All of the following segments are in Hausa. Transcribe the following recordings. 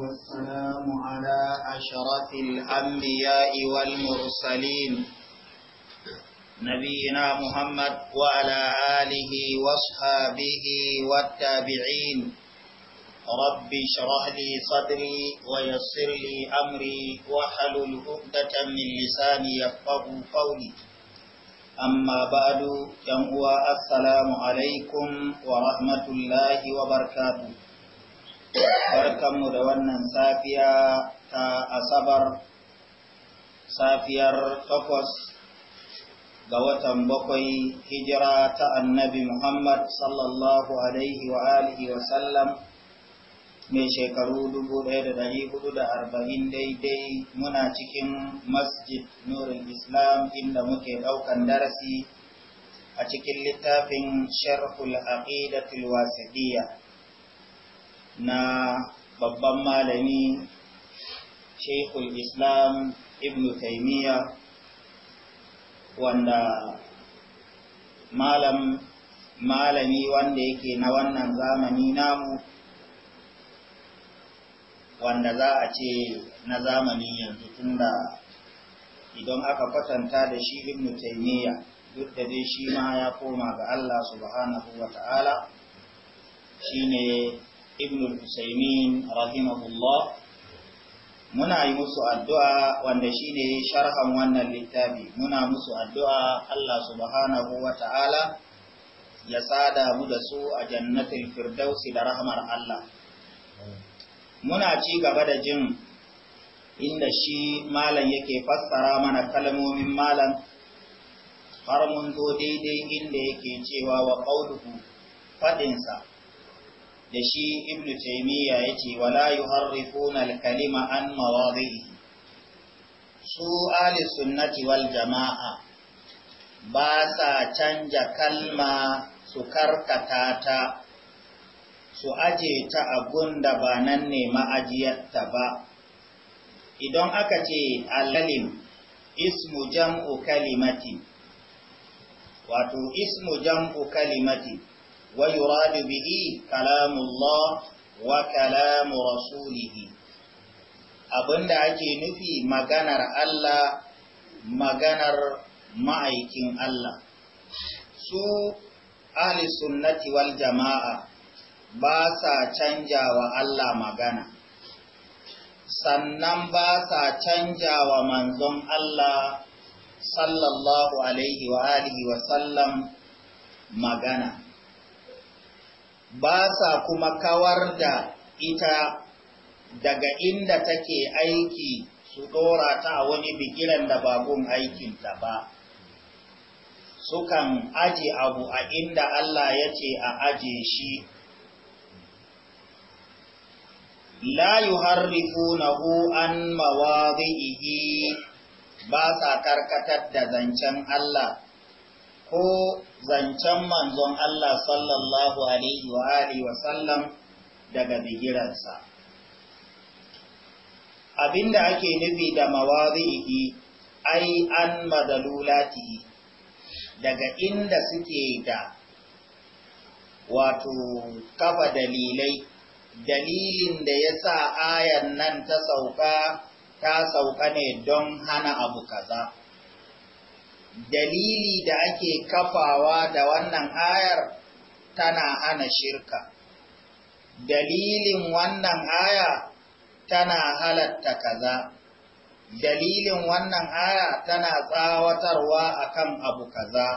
والسلام على أشرف الأنبياء والمرسلين نبينا محمد وعلى آله واصحابه والتابعين رب اشرح لي صدري ويسر لي أمري واحلل عقدة من لساني يفقه قولي أما بعد yan هو السلام عليكم ورحمة الله وبركاته barkanmu da wannan safiya ta asabar safiyar takwas ga watan bakwai hijira ta annabi muhammad sallallahu alaihi wa alihi wa sallam mai shekaru 1440 daidai muna cikin masjid nurin islam inda muke daukan darasi a cikin littafin sharhul aqidatul wasidiyya na babban malami sheikhul islam ibn taimiyya wanda malam malami wanda yake na wannan zamani namu wanda za a ce na zamanin yanzu tunda idan aka kwatanta da shi ibn taimiyya duk da dai shi ma ya koma ga Allah subhanahu wa ta'ala shi ibn al-Husaymin rahimahullah muna yi musu addu'a wanda shine sharhan wannan littafi muna musu addu'a Allah subhanahu wata'ala ta'ala ya sada mu da su a jannatin firdausi da rahmar Allah muna ci gaba da jin inda shi malam yake fassara mana kalmomin malam har mun zo daidai inda yake cewa wa qauluhu fadinsa da shi ibnu ya yace wala yuharrifuna al-kalima an mawadihi su Ali sunnati wal jama'a ba sa canja kalma su karkata ta su aje ta abun da ba nan ne ma'ajiyarta ba idan aka ce al-kalim ismu jam'u kalimati wato ismu jam'u kalimati ويراد به كلام الله وكلام رسوله da ake nufi maganar Allah maganar ma'aikin Allah su ahli sunnati wal jama'a ba sa canja wa Allah magana sannan ba sa canja wa manzon Allah sallallahu alaihi wa alihi wa sallam magana ba sa kuma kawar da ita daga inda take aiki su dora ta a wani bigiran da bagun aikinta ba sukan aji abu a inda Allah ya ce a aje shi la yuharrifunahu an mawadhihi ba sa karkatar da zancen Allah ko zancen manzon Allah sallallahu alaihi wa alihi wa sallam daga bigiransa abinda ake nufi da mawazihi ai an madalulati daga inda suke da wato kafa dalilai dalilin da ya sa ayan nan ta sauka ta sauka ne don hana abu kaza dalili da ake kafawa da wannan ayar tana hana shirka dalilin wannan aya tana halatta kaza dalilin wannan aya tana tsawatarwa akan abu kaza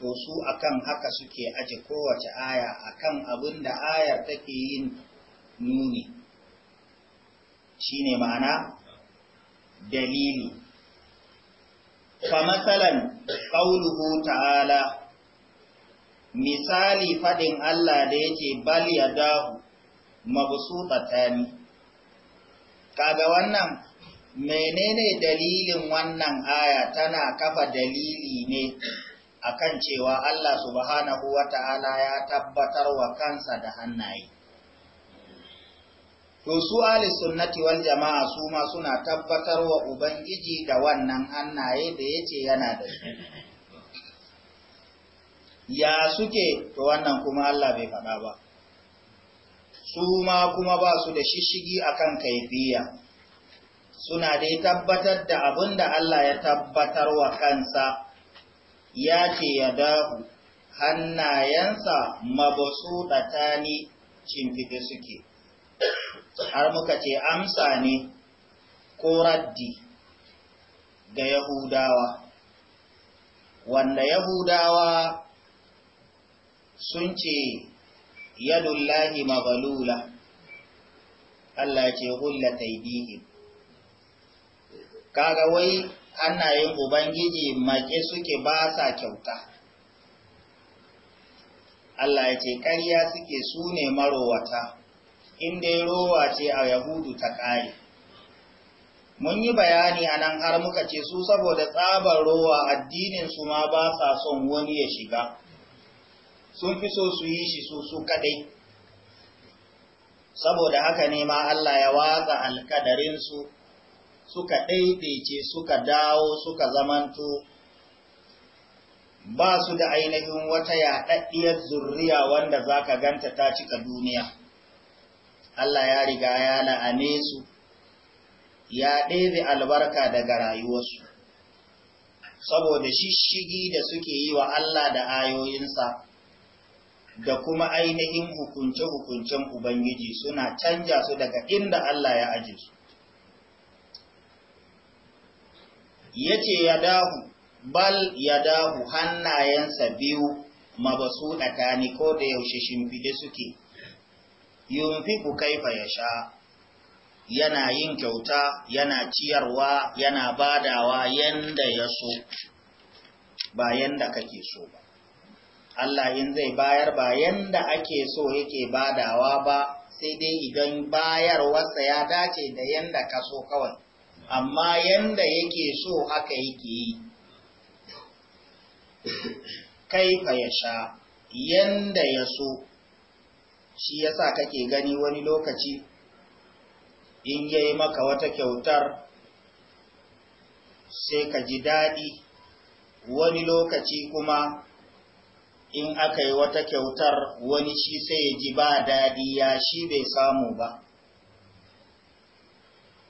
to su akan haka suke aje kowace aya akan abin da ayar take yin nuni shine ma'ana dalili فمثلا قوله ta'ala, misali faɗin Allah da yake bal ya dahu mabusu ni. Kaga wannan, menene dalilin wannan aya tana kafa dalili ne akan cewa Allah subhanahu wa ta'ala ya tabbatar wa kansa da hannaye. to su ahli sunnati wal jama'a su ma suna tabbatar wa ubangiji da wannan hannaye da yace yana da su ya suke to wannan kuma Allah bai faɗa ba su ma kuma ba su da shishigi akan kaifiya suna dai tabbatar da abin da Allah ya tabbatar wa kansa ya ce ya dahu hannayensa mabasuɗata cin cimfide suke har muka ce amsa ne ko raddi ga yahudawa wanda yahudawa sun ce yadullahi mabalula Allah ce hulla taidihim kaga wai ana yin ubangiji make suke ba sa kyauta Allah ya ce ƙarya suke sune marowata in dai rowa ce a yahudu ta ƙare mun yi bayani a nan har muka ce su saboda tsabar rowa addinin su ma ba sa son wani ya shiga sun fi so su yi shi su su kadai saboda haka ne ma Allah ya watsa alkadarinsu suka ɗaiɗaice suka dawo suka zamanto ba su da ainihin wata yaɗaɗɗiyar zurriya wanda za ka ganta ta cika duniya Allah ya riga ya la'ane su, ya ɗebe albarka daga rayuwarsu, saboda shishigi da suke yi wa Allah da ayoyinsa, da kuma ainihin hukunce-hukuncen Ubangiji suna canja su daga inda Allah ya aje su. Ya ce ya dahu, bal ya dahu hannayensa biyu mabasu ta ni ko da yaushe shimfide suke. yunfiku kaifa yasha yana yin kyauta yana ciyarwa yana badawa yanda ya ba yanda kake so ba Allah in zai bayar ba yanda ake so yake badawa ba sai dai idan bayarwarsa ya dace da yanda ka so kawai amma yanda yake so haka yake yi kaifa ya sha yanda ya so shi ya yasa kake gani wani lokaci in yayi maka wata kyautar sai ka ji daɗi wani lokaci kuma in aka yi wata kyautar wani shi sai ya ji ba daɗi ya shi bai samu ba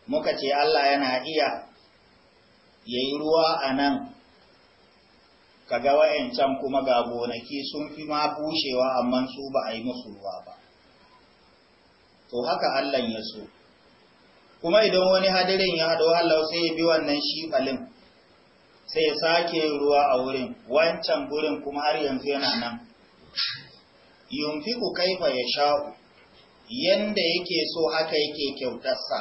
muka ce Allah yana iya ya yi ruwa a nan kaga wa'yancan kuma ga gonaki sun fi ma bushewa amma su ba a yi musu ruwa ba to haka Allah ya so kuma idan wani hadirin ya hado Allah sai ya bi wannan shifalin sai ya sake ruwa a wurin wancan gurin kuma har yanzu yana nan yunfiku kaifa ya sha'u yanda yake so haka yake kyautarsa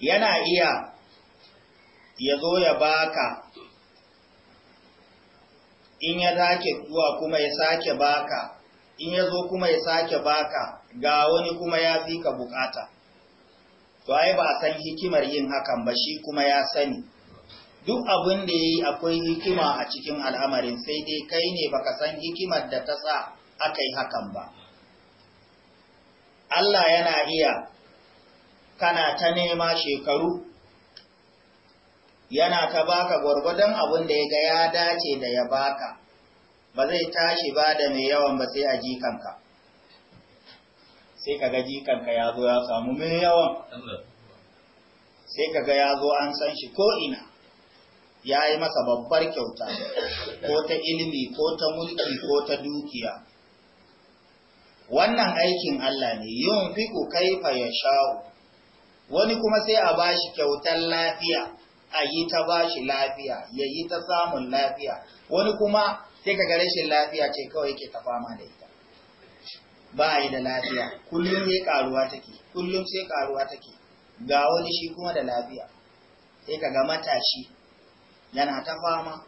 yana iya ya zo ya baka in ya take zuwa kuma ya sake baka in ya zo kuma ya sake baka ga wani kuma ya fi ka bukata to ai ba a san hikimar yin hakan ba shi kuma ya sani duk abin da ya yi akwai hikima a cikin al'amarin sai dai kai ne baka san hikimar da ta sa aka yi hakan ba Allah yana iya kana ta nema shekaru yana ta baka gwargwadon abin da ya ga ya dace da ya baka ba zai tashi ba da mai yawan ba sai a jikanka sai kaga jikanka ya zo ya samu mai yawan sai kaga ya zo an san shi ko ina ya yi masa babbar kyauta ko ta ilimi ko ta mulki ko ta dukiya wannan aikin Allah ne yin fiku kaifa ya sha'u wani kuma sai a bashi kyautar lafiya a yi ta bashi lafiya ya yi ta samun lafiya wani kuma sai ka gare rashin lafiya ce kawai yake ta fama da ita ba yi da lafiya kullum sai karuwa take kullum sai karuwa take ga wani shi kuma da lafiya sai ka ga matashi yana ta fama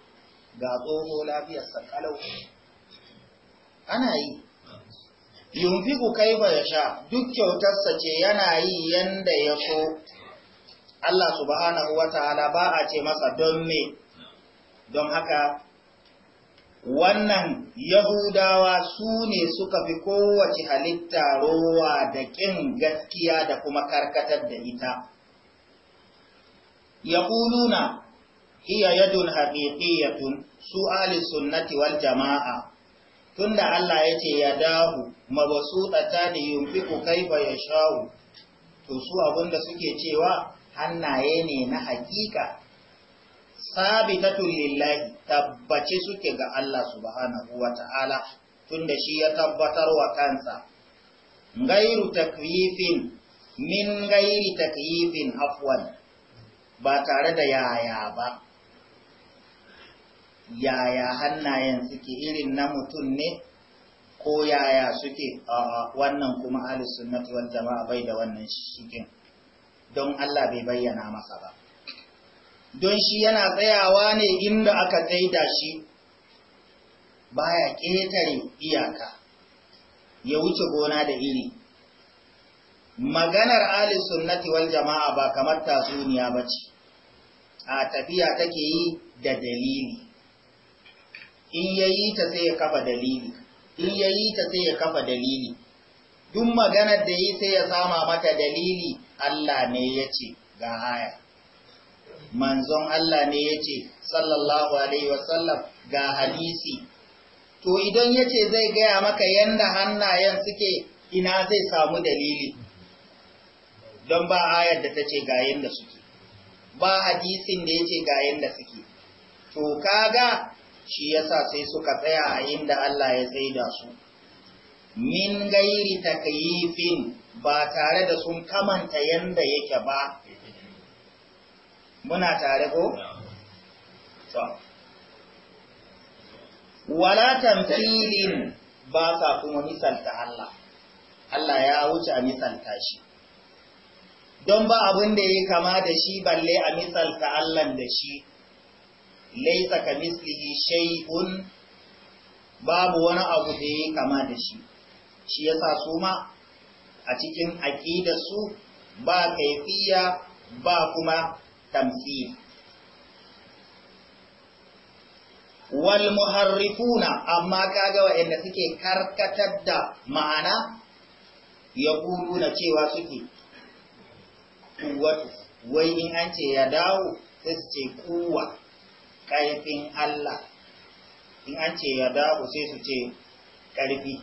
ga tsoho lafiyar sakalau ana yi yunfiku kaifa ya sha duk kyautarsa ce yana yi yanda ya so Allah subhanahu wa ta'ala ba a ce masa don me don haka wannan Yahudawa su ne suka fi kowace halitta rowa da ƙin gaskiya da kuma karkatar da ita. Yaquluna hiya yadun haqiqiyatun su Ali sunnati wal jama'a tunda Allah yace ya dahu ta da yumfiku kaifa yasha'u to su abinda suke cewa hannaye ne na haƙiƙa sabitatun lillahi tabbace suke ga Allah subhanahu wa ta'ala tunda shi ya tabbatar wa kansa gairu takyifin min gairi takyifin afwan ba tare da yaya ba yaya hannayen suke irin na mutum ne ko yaya suke wannan kuma ahlus jama'a bai da wannan shikin don Allah bai bayyana masa ba don shi yana tsayawa ne inda aka tsaida shi baya ƙetare iyaka ya wuce gona da iri maganar ali sunnati wal jama'a ba kamar tasuniya ba ce a tafiya take yi da dalili in ya yi ta sai ya kafa dalili in ya yi ta sai ya kafa dalili duk maganar da yi sai ya sama mata dalili Allah ne ya ce ga haya manzon Allah ne ya ce sallallahu alaihi wasallam ga hadisi to idan ya ce zai gaya maka yadda hannayen suke ina zai samu dalili don ba ayar da ta ce ga yadda suke ba hadisin da ya ce ga yadda suke to kaga shi yasa sai suka tsaya a inda Allah ya da su min gairi takyifin ba tare da sun kamanta yanda yake ba muna tare ko? wala tamthilin ba sa kuma misalta Allah Allah ya wuce misalta shi don ba abin da ya kama da shi balle a misalta Allah da shi laisa ka mislihi shay'un babu wani abu da ya kama da shi shi yasa su ma a cikin aqidar su ba kaifiya ba kuma tamsil wal muharrifuna amma kaga inda suke karkatar da ma'ana ya na cewa suke wai in an ce ya dawo sai su ce kuwa ƙarfin Allah in an ce ya dawo sai su ce ƙarfi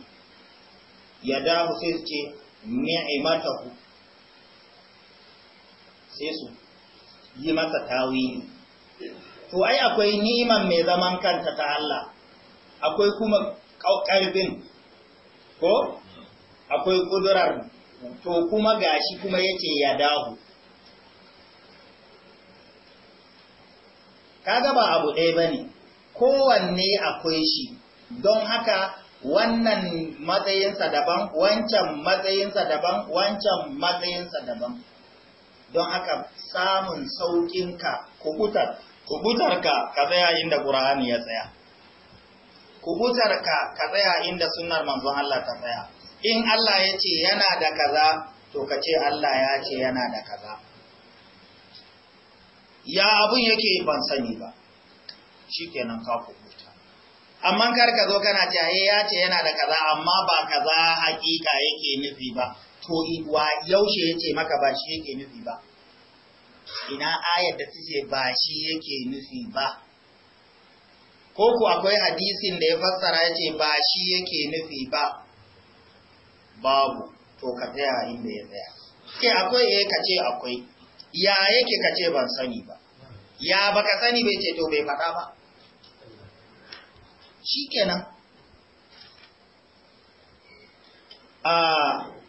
ya dawo sai su ce ni'imatahu sai su yi masa tawini to ai akwai niman mai zaman kanta ta Allah akwai kuma ƙarfin ko akwai ƙudurar to kuma gashi kuma yake ya dahu kaga ba abu ɗaya bane kowanne akwai shi don haka wannan matsayinsa daban wancan matsayinsa daban wancan matsayinsa daban don haka samun sauƙinka kubutar kubutarka ka tsaya inda ƙur'ani ya tsaya kubutarka ka tsaya inda sunnar manzon Allah ta tsaya in Allah ya ce yana da kaza to ka ce Allah ya ce yana da kaza ya abun yake ban sani ba shikenan ka kubuta amma kar ka zo kana ce eh, ya ce yana da kaza amma ba kaza hakika yake nufi ba fuskoki kuwa yaushe yake maka ba shi yake nufi ba ina ayar da take ba shi yake nufi ba ko ku akwai hadisin da ya fassara yace ba shi yake nufi ba babu to ka tsaya inda ya tsaya ke akwai eh ka ce akwai ya yake ka ce ban sani ba ya baka sani bai ce to bai faɗa ba shikenan a ah,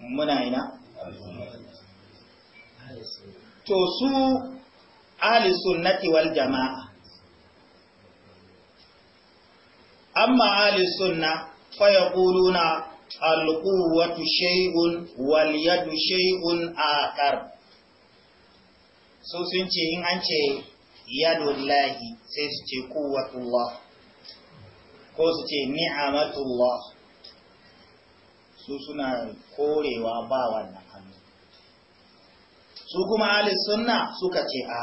muna ina to su ahli sunnati wal jama'a amma ahli sunna fa yaquluna al-quwwatu shay'un wal yadu shay'un akar so sun ce in an ce yadullahi sai su ce quwwatullah ko su ce ni'amatullah su suna korewa ba wannan hannu su kuma alis sunna suka ce a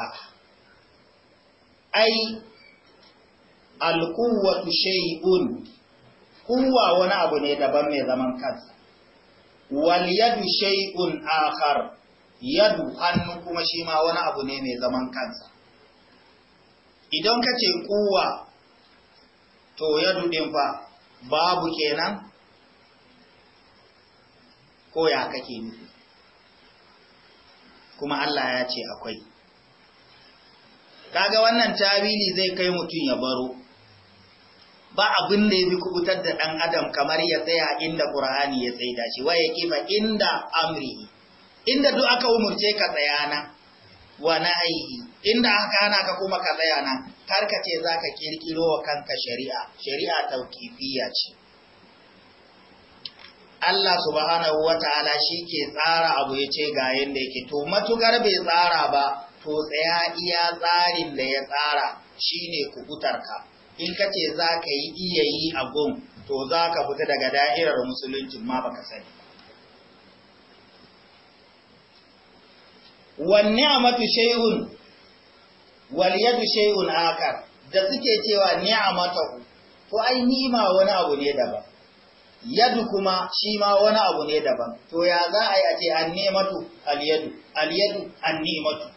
ai alkuwatu shay'un kuwa wani abu ne daban mai zaman kansa wal yadu shay'un akhar yadu hannu kuma shi ma wani abu ne mai zaman kansa idan ka ce kuwa to yadu din fa babu kenan ko ya kake nufi kuma Allah ya ce akwai kaga wannan tawili zai kai mutum ya baro ba abin da ya kubutar da ɗan adam kamar ya tsaya inda ƙur'ani ya da shi waye kifa inda amri inda duk aka umurce ka tsaya na wa nahihi inda aka hana ka kuma ka tsaya na, kar ka ce zaka kirkiro wa kanka shari'a shari'a tauqifiyya ce Allah subhanahu wa ta'ala shi ke tsara abu ya ce ga yadda yake to matukar bai tsara ba to tsaya iya tsarin da ya tsara shi shine kubutarka in ka ce za ka yi iya yi abun to za ka fita daga da'irar musuluncin ma baka sani wanne a matu shehun, waliyadu shehun akar da suke cewa ni a matu, ko ai nima wani abu ne daban yadu kuma shi ma wani abu ne daban to ya za a yi a ce an nematu alyadu alyadu an nematu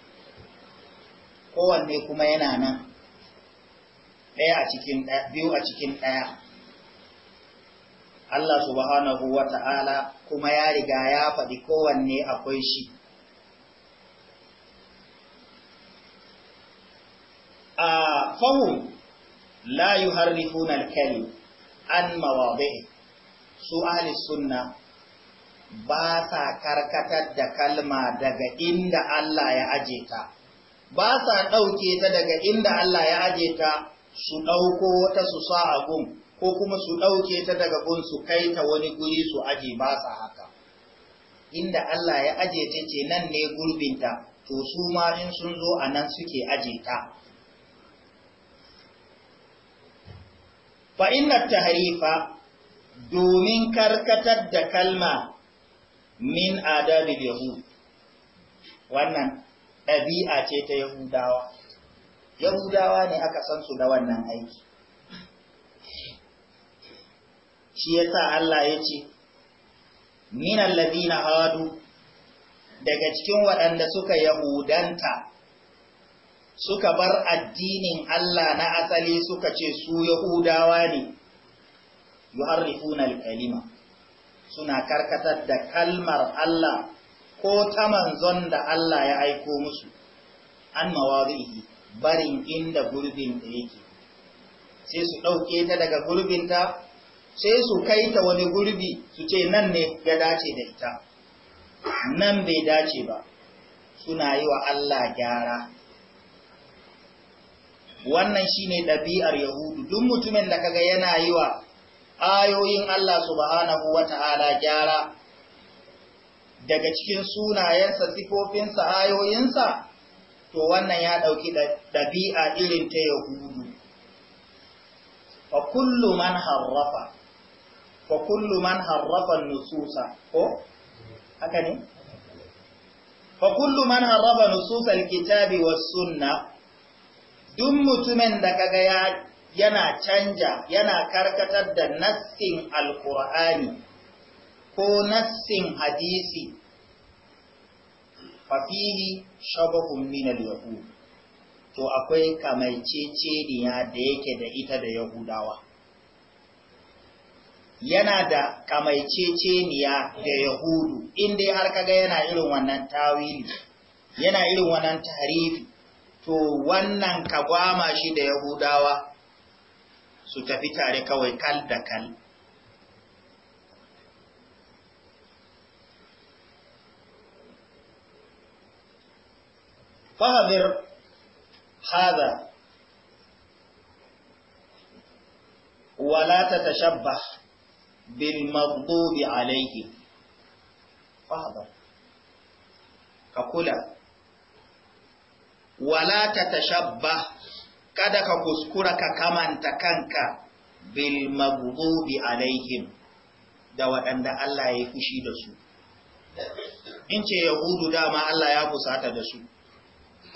kowanne kuma yana nan ɗaya a cikin ɗaya biyu a cikin ɗaya Allah subhanahu wa ta'ala kuma ya riga ya faɗi kowanne akwai shi a Layu la yuharrifuna al-kalim an mawaɓe. su ahli sunna ba sa karkatar da kalma daga inda Allah ya aje ta ba sa ɗauke ta daga inda Allah ya aje ta su ɗauko wata su sa a gun ko kuma su ɗauke ta daga gun su kai ta wani guri su aje ba sa haka inda Allah ya aje ta ce nan ne gurbinta to su ma in sun zo a nan suke aje ta fa inna tahrifa domin karkatar da kalma min adabil yahud wannan ɗabi'a ce ta yahudawa yahudawa ne aka san su da wannan aiki shi ya sa Allah ya ce min alladhina hadu daga cikin waɗanda suka yahudanta suka bar addinin Allah na asali suka ce su yahudawa ne yuharrifuna al-kalima suna karkatar da kalmar Allah ko ta manzon da Allah ya aiko musu an mawazihi barin inda gurbin da yake sai su ɗauke ta daga gurbinta sai su kai ta wani gurbi su ce nan ne ya dace da ita nan bai dace ba suna yi wa Allah gyara wannan shine ɗabi'ar yahudu duk mutumin da kaga yana yi wa ayoyin Allah subhanahu wa ta'ala gyara daga cikin sunayensa, sifofinsa, ayoyinsa, to wannan ya ɗauki ɗabi'a irin ta Yahudu. Fa kullu man harrafa, fa kullu man harrafa nususa, ko? Haka ne? Fa kullu man harrafa nususa alkitabi wa sunna, duk mutumin da kaga ya yana canja yana karkatar da nassin alkur'ani ko nassin hadisi fafihi shabahun minal yahud to akwai kamaiceceniya da yake da ita da yahudawa yana da kamaiceceniya da yahudu inda har kaga yana irin wannan tawili yana irin wannan tarifi to wannan ka gwama shi da yahudawa su tafi tare kawai kal da kal فهذر هذا ولا تتشبه بالمغضوب عليه فهذر كقولا ولا تتشبه kada ka kuskura ka kamanta kanka bil maghdubi alaihim da waɗanda Allah ya fushi da su in ce yahudu dama Allah ya kusata da su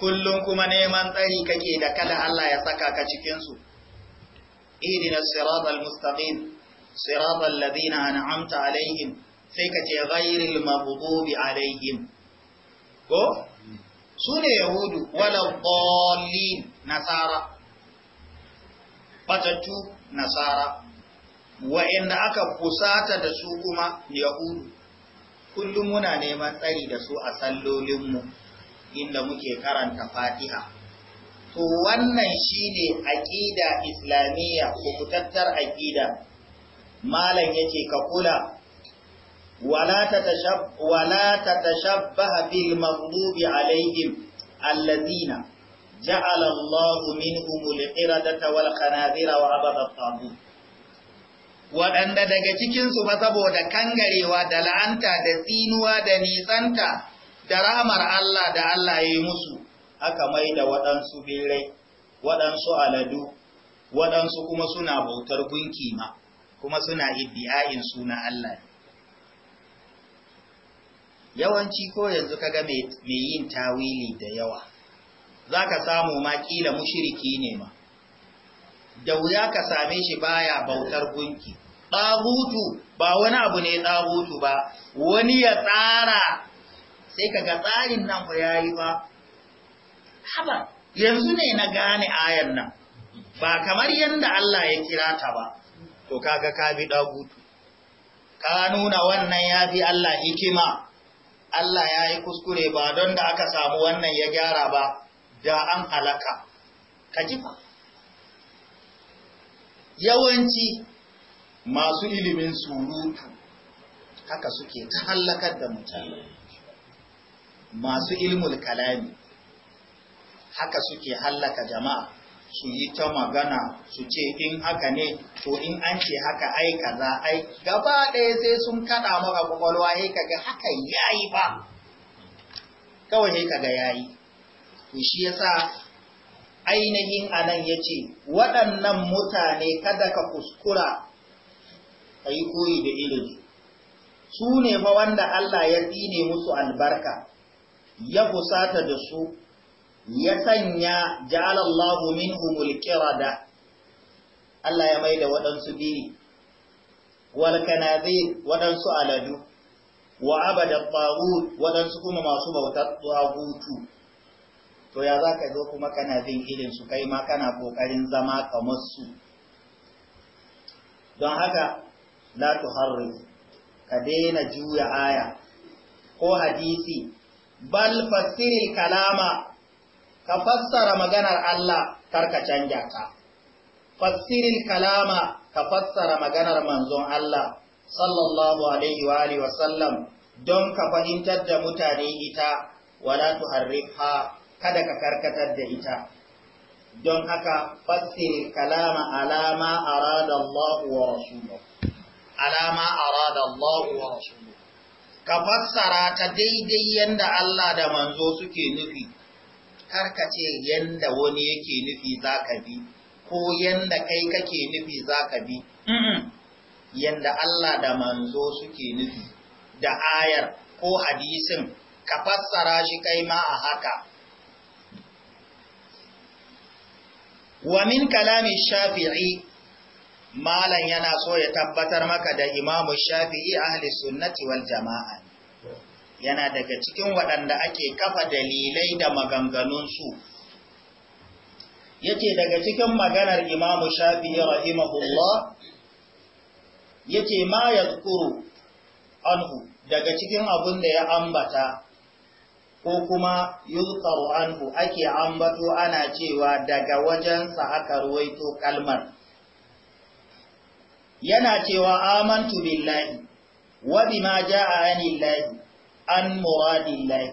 kullum kuma neman tsari kake da kada Allah ya saka ka cikin su ihdina siratal mustaqim siratal ladina an'amta alaihim sai ka ce ghairil maghdubi alaihim ko sune yahudu wala dhallin nasara fatattu nasara wa'inda aka fusata da su kuma yahudu kullum muna neman tsari da su a sallolinmu inda muke karanta fatiha to wannan shine aqida islamiyya kukutattar aqida malam yake ka kula wala tatashab wala tatashabbaha bil maghdubi alaihim alladhina جعل الله منهم القردة qiradata وعبد الطاغوت wa waɗanda daga cikinsu ba saboda kangarewa da la'anta da tsinuwa da nisanta da rahamar Allah da Allah ya yi musu aka mai da waɗansu birai waɗansu aladu waɗansu kuma suna bautar gunki ma kuma suna iddi'ayin suna Allah yawanci ko yanzu kaga mai yin tawili da yawa za ka samu makila mushiriki ne ma da wuya ka same shi baya bautar gunki ɗagutu ba wani abu ne ɗagutu ba wani ya tsara sai ka ga tsarin nan ba ya yi ba haba yanzu ne na gane ayar nan ba kamar yadda Allah ya kira ta ba to kaga ka bi dagutu ka nuna wannan ya fi Allah hikima Allah ya yi kuskure ba don da aka samu wannan ya gyara ba da an halaka ka jifa yawanci masu ilimin surutu haka suke ta hallakar da mutane masu ilmul kalami haka suke hallaka jama'a su yi ta magana su ce in haka ne to in an ce haka ai kaza ai gaba ɗaya sai sun kaɗa maka kwakwalwa sai kaga haka yayi ba kawai sai kaga yayi to shi yasa ainihin anan yace waɗannan mutane kada ka kuskura kai koyi da ilimi su ne fa wanda Allah ya tsine musu albarka ya husata da su ya sanya ja'alallahu minhumul qirada Allah ya maida waɗansu biri wal kanazir waɗansu aladu wa abada tawud waɗansu kuma masu bautar tawutu to ya za ka zo kuma kana bin irin su kai ma kana kokarin zama kamar su don haka la tuharrif ka daina juya aya ko hadisi bal fasiril kalama ka fassara maganar Allah karka canja ta fassiril kalama ka fassara maganar manzon Allah sallallahu alaihi wa alihi don ka fahimtar da mutane ita wala tuharrifha kada ka karkatar da ita don haka fassir kalama alama arada Allah wa rasuluhu alama arada Allah wa rasuluhu ka fassara ta daidai yanda Allah da manzo suke nufi karkace yanda wani yake nufi zaka bi ko yanda kai kake nufi zaka bi yanda Allah da manzo suke nufi da ayar ko hadisin ka fassara shi kai ma a haka wa min kalami shafi'i malan yana so ya tabbatar maka da imamu shafi'i ahli sunnati wal jama'a yana daga cikin waɗanda ake kafa dalilai da maganganunsu yake daga cikin maganar imamu shafi'i rahimahullah yake ma ya anhu daga cikin abun da ya ambata ko kuma yuzkaru anhu ake ambato ana cewa daga wajensa aka ruwaito kalmar yana cewa amantu billahi wa bima jaa anillahi an muradillahi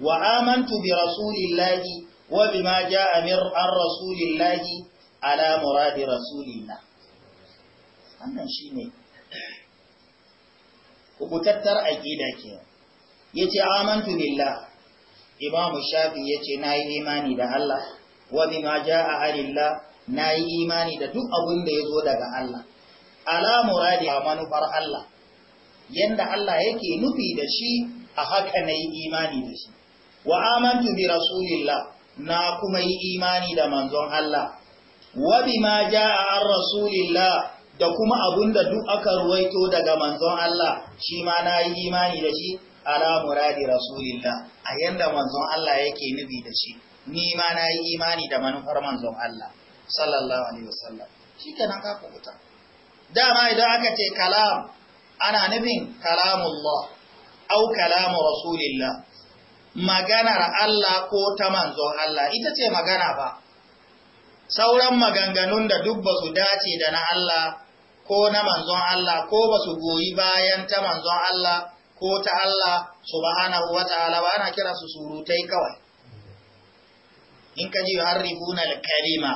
wa amantu bi rasulillahi wa bima jaa min an rasulillahi ala muradi rasulillah wannan shine kubutattar aqida kenan yace amantu billahi imam shafi ya ce na yi imani da Allah wa bima ja'a anillah na yi imani da duk abin da ya zo daga Allah ala muradi a manufar Allah yanda Allah yake nufi da shi a haka na yi imani da shi wa amantu bi rasulillah na kuma yi imani da manzon Allah wa bima ja'a an rasulillah da kuma abun da duk aka ruwaito daga manzon Allah shi ma na yi imani da shi ala muradi rasulillah a yanda manzon Allah yake nufi da shi ni ma na yi imani da manufar manzon Allah sallallahu alaihi wasallam shi kenan ka kubuta dama idan aka ce kalam ana nufin kalamullah au kalamu rasulillah maganar Allah ko ta manzon Allah ita ce magana ba sauran maganganun da duk ba su dace da na Allah ko na manzon Allah ko ba su goyi bayan ta manzon Allah ko ta Allah subhanahu wa ta'ala ba ana kira su surutai kawai in ka ji harrifuna kalima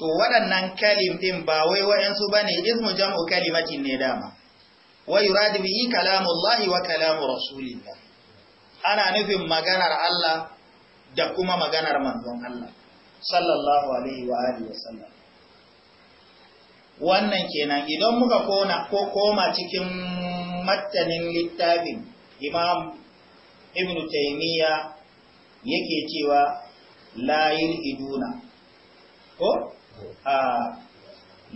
to waɗannan kalim ɗin ba wai ba bane ismu jam'u kalimatin ne dama wa yurad bihi kalamullahi wa kalamu rasulillah ana nufin maganar Allah da kuma maganar manzon Allah sallallahu alaihi wa wa sallam wannan kenan idan muka kona koma cikin mattanin littafin imam ibn taimiyya yake cewa layin iduna ko a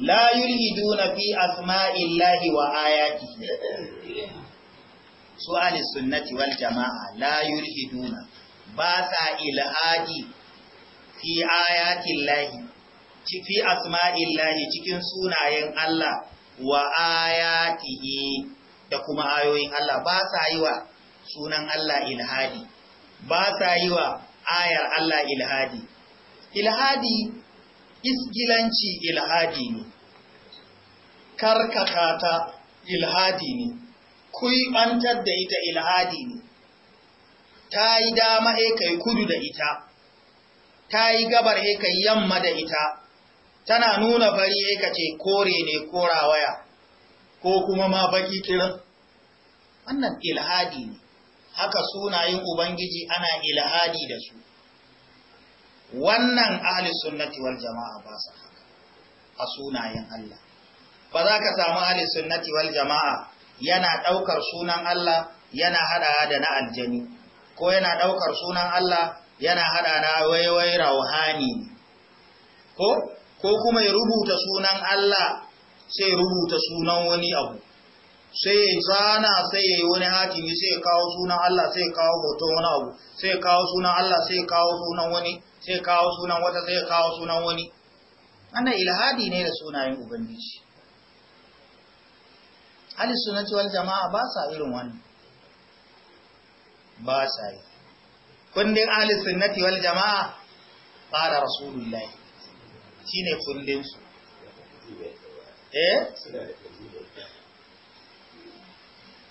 la yulhiduna fi asma'illahi wa ayatihi su'ali sunnati wal jama'a la Iduna ba sa ilhadi fi ayatillahi fi asma'illahi cikin sunayen Allah wa ayatihi da kuma ayoyin Allah ba sa yi wa sunan Allah ilhadi ba sa yi wa ayar Allah ilhadi ilhadi isgilanci ilhadi ne karkata ta ilhadi ne kuibantar da ita ilhadi ne ta yi dama kai kudu da ita ta yi gabar kai yamma da ita tana nuna fari ka ce kore ne kora waya ko kuma ma baki kiran wannan ilhadi ne haka sunayen ubangiji ana ilhadi da su wannan ahli sunnati wal jama'a ba su haka a sunayen Allah ba za ka samu ahli sunnati wal jama'a yana ɗaukar sunan Allah yana hada da na aljani ko yana ɗaukar sunan Allah yana hada na waiwai rauhani ko ko kuma ya rubuta sunan Allah sai rubuta sunan wani abu sai ya zana sai ya yi wani hatimi sai ya kawo sunan Allah sai ya kawo hoton wani abu sai ya kawo sunan Allah sai ya kawo sunan wani sai ya kawo sunan wata sai ya kawo sunan wani wannan ilhadi ne da sunayen ubangiji Ali sunnati wal jama'a ba sa irin wannan ba sa yi kundin ahli sunnati wal jama'a qala rasulullahi shine kundin su eh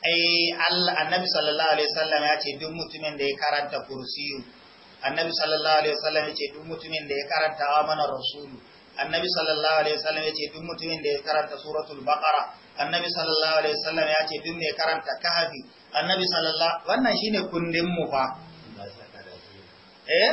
ai Allah annabi sallallahu alaihi wasallam ya ce duk mutumin da ya karanta kursiyu annabi sallallahu alaihi wasallam ya ce duk mutumin da ya karanta amana rasulu annabi sallallahu alaihi wasallam ya ce duk mutumin da ya karanta suratul baqara annabi sallallahu alaihi wasallam ya ce duk mai karanta kahfi annabi sallallahu wannan shine kundin mu fa eh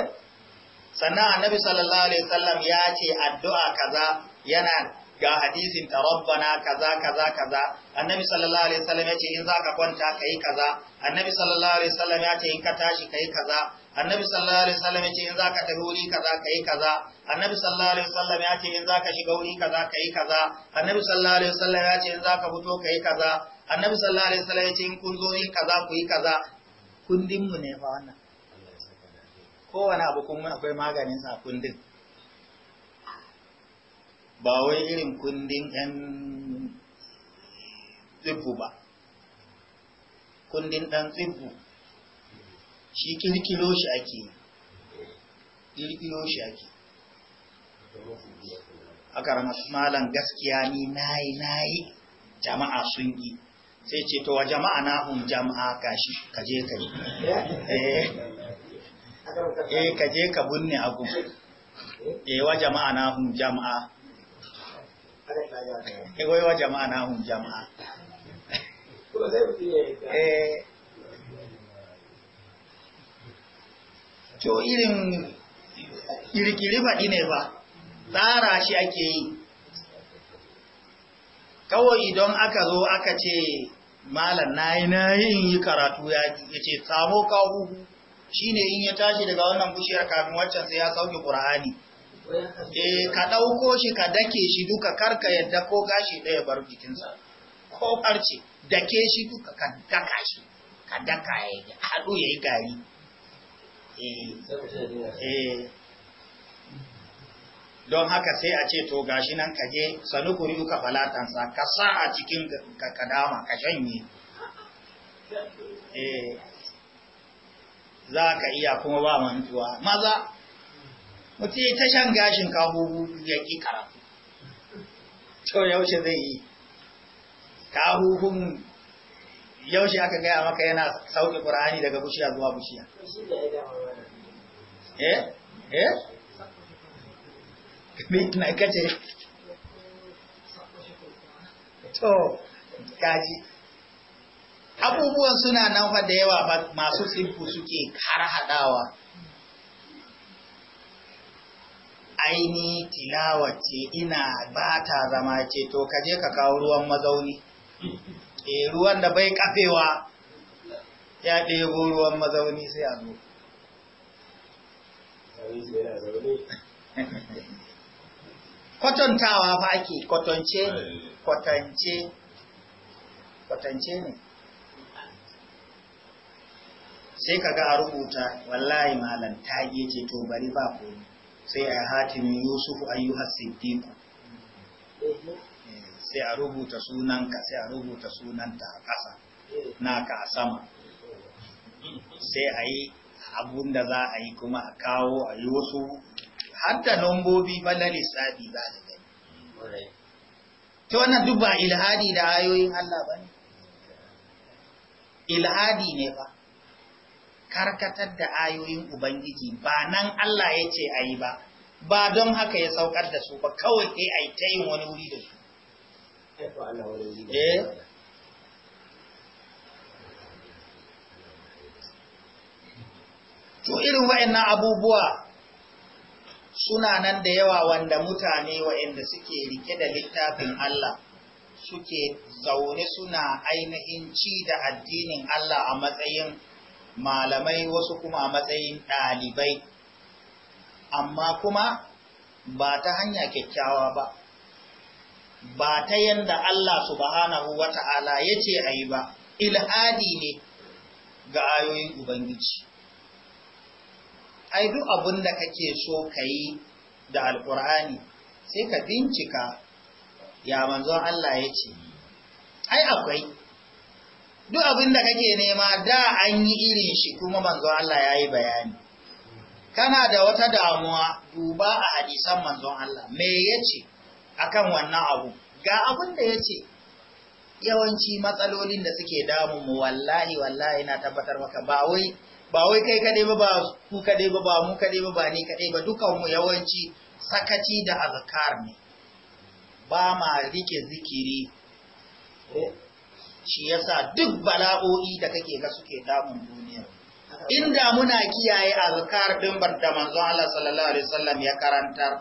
sannan annabi sallallahu alaihi wasallam ya ce addu'a kaza yana ga hadisin tarabbana kaza kaza kaza annabi sallallahu alaihi wasallam ya ce in zaka kwanta kai kaza annabi sallallahu alaihi wasallam ya ce in ka tashi kai kaza annabi sallallahu alaihi wasallam ya ce in zaka tafi wuri kaza kai kaza annabi sallallahu alaihi wasallam ya ce in zaka shiga wuri kaza kai kaza annabi sallallahu alaihi wasallam ya ce in zaka fito kai kaza annabi sallallahu alaihi wasallam ya ce in kun zo yin kaza ku yi kaza kundin mu ne fa wannan kowane abu kuma akwai maganin sa kundin ba wai irin kundin 'yan tsibbu ba kundin ɗan tsibbu shi kirkiro shi ake kirkiro shi ake a karamar malan gaskiya ni nayi nayi jama'a sun yi sai ce to wa jama'a na hun jama'a kashi kaje yi eh kaje eh, ka bunne abu eh wa jama'a na hun jama'a Ego jama'a na hun jama'a eh. to irin kirkiri baɗi ne ba tsara shi ake yi kawai idan aka zo aka ce malam na yi na yi karatu ya ce samo kawo shi ne in ya tashi daga wannan bushiyar kafin waccan sai ya sauke ƙura'ani eh ka ɗauko shi ka dake shi duka karka yadda ko gashi ɗaya bar jikinsa ko farce dake shi duka ka daka shi ka daka ya haɗu ya yi gari eh, eh. don haka sai a ce to gashi nan ka je sanukuri uka falatansa ka sa a cikin kadama ka shanye eh. za ka iya kuma ba mantuwa maza mutum ta shan gashin kahu ya ƙi karatu to yaushe zai yi kahuhun yaushe aka gaya maka yana sauke ƙura'ani daga bushiya zuwa bushiya eh eh na kace to kaji abubuwan suna nan fa da yawa masu tsimfu suke har haɗawa aini tilawa ce ina ba ta zama ce to ka je ka kawo ruwan mazauni e ruwan da bai kafewa ya ɗebo ruwan mazauni sai a zo kwatantawa fa ake kwatance ne kwatance kwatance ne sai kaga a rubuta wallahi malam ta ce to bari ba komi sai a hatimin yusuf ayyuhar ku. sai a rubuta sunanka sai a rubuta sunanta a ƙasa naka a sama sai a yi abun da za a yi kuma a kawo a yi wasu hatta lambobi bala lissafi ba da gani ta wannan duk ba ilhadi da ayoyin Allah ba ne ilhadi ne ba karkatar da ayoyin ubangiji ba nan Allah ya ce a ba ba don haka ya saukar da su ba kawai ke a ta yin wani wuri da su eh? to irin wayannan abubuwa suna nan da yawa wanda mutane wayanda suke rike da littafin Allah suke zaune suna ainihin ci da addinin Allah a matsayin malamai wasu kuma a matsayin ɗalibai amma kuma ba ta hanya kyakkyawa ba ba ta yanda Allah subhanahu wata'ala ya ce a yi ba ilhadi ne ga ayoyin ubangiji ai duk abin da kake so ka yi da alkur'ani sai ka bincika ya manzon Allah ya ce ai akwai duk abin da kake nema da an yi irin shi kuma manzon Allah ya yi bayani kana da wata damuwa duba a hadisan manzon Allah me ya ce akan wannan abu ga abin da ya ce yawanci matsalolin da suke damu mu wallahi wallahi na tabbatar maka ba wai ba wai kai kadai ba ba ku kadai ba ba mu kadai ba ba ni kadai ba dukan mu yawanci sakaci da azkar ne ba ma rike zikiri shi yasa duk bala'o'i da kake ga suke damun duniya inda muna kiyaye azkar din da manzon Allah sallallahu alaihi wasallam ya karantar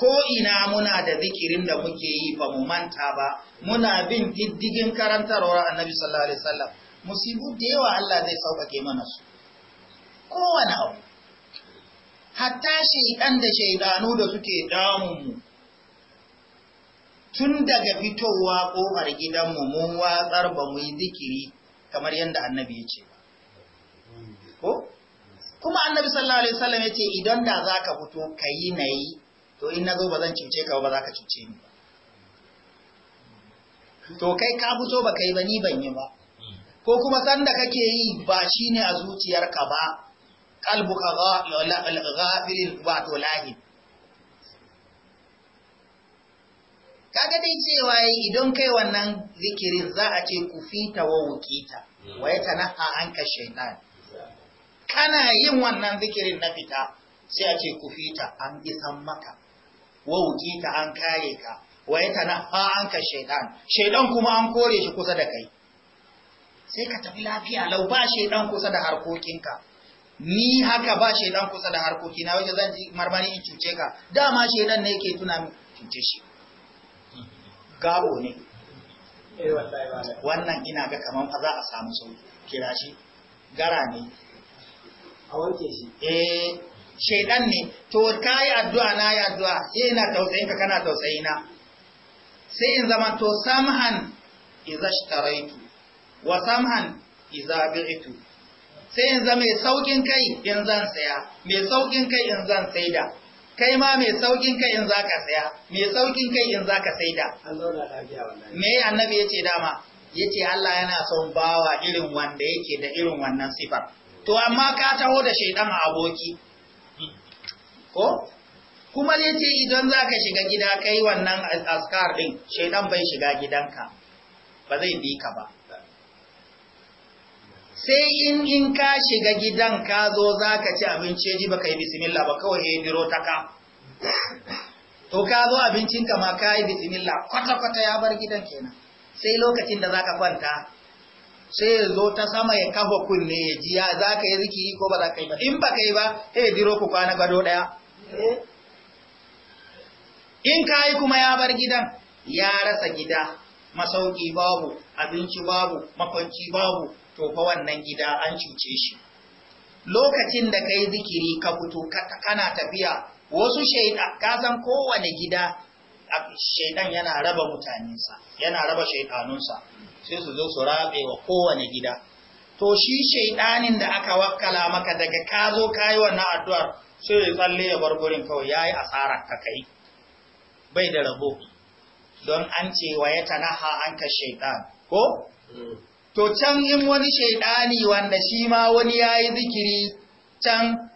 ko ina muna da zikirin da muke yi ba mu manta ba muna bin diddigin karantarwar annabi sallallahu alaihi wasallam musibu da yawa Allah zai sauƙaƙe mana su kowane abu hatta shaiɗan da shaidanu da suke damun mu tun daga fitowa ƙofar gidanmu mun watsar ba mu yi zikiri kamar yadda annabi ya ce ko kuma annabi sallallahu alaihi wasallam yace idan da zaka fito ka yi to in nazo ba zan cuce ka ba za cuce ni to kai ka fito ba kai yi ba ni ban yi ba ko kuma sanda kake yi ba shine ne a zuciyarka ba kalbuka ghafilin wato lahin kaga dai cewa idan kai wannan zikirin za a ce ku fita wa wukita wa ya a an ka shaitan kana yin wannan zikirin na fita sai a ce ku fita an isan maka wa wukita an kare ka wa ya a an ka shaitan shaitan kuma an kore shi kusa da kai sai ka tafi lafiya lau ba shaitan kusa da harkokinka ni haka ba shaitan kusa da harkokina wajen zan ji marmari in cuce ka dama shaitan ne yake tuna cuce shi gabo eh, ne wannan ina ga kamar fa za a samu sau kira shi gara ne a wanke shi eh shaidan ne to ka yi addu'a na yi addu'a sai eh, ina tausayin ka kana tausayi na sai in zama to samhan iza shtaraitu wa samhan iza bi'itu sai in zama mai saukin kai in zan saya mai saukin kai in zan saida kai ma mai saukin kai in zaka saya mai saukin kai in zaka saida me annabi yace dama yace Allah yana son bawa irin wanda yake da irin wannan sifar to amma ka taho da shaidan aboki ko kuma yace idan zaka shiga gida kai wannan askar din shaidan bai shiga gidanka ba zai bi ka ba sai in in ka shiga gidan ka zo za ka ci abinci ji ba ka yi bismillah ba kawai ya biro ta ka to ka zo abincin ka ma ka yi bismillah kwata-kwata ya bar gidan kenan sai lokacin da za ka kwanta sai ya zo ta sama ya kafa kunne ya ji ya za ka yi riki ko ba za ka yi ba in ba ka yi ba ya yi biro ku kwana gado ɗaya in ka yi kuma ya bar gidan ya rasa gida masauki babu abinci babu makwanci babu to fa wannan gida an cuce shi lokacin da kai zikiri ka fito kana tafiya wasu shaidan ka san kowane gida shaidan yana raba mutanensa yana raba sa sai su zo su rabe wa kowane gida to shi shaidanin da aka wakkala maka daga ka zo kayi wannan addu'ar sai ya tsalle ya bar gurin kawai yayi asara, ka kai bai da rabo don an ce wa ya tanaha anka shaidan ko mm. to can in wani shaidani wanda shi ma wani ya yi zikiri can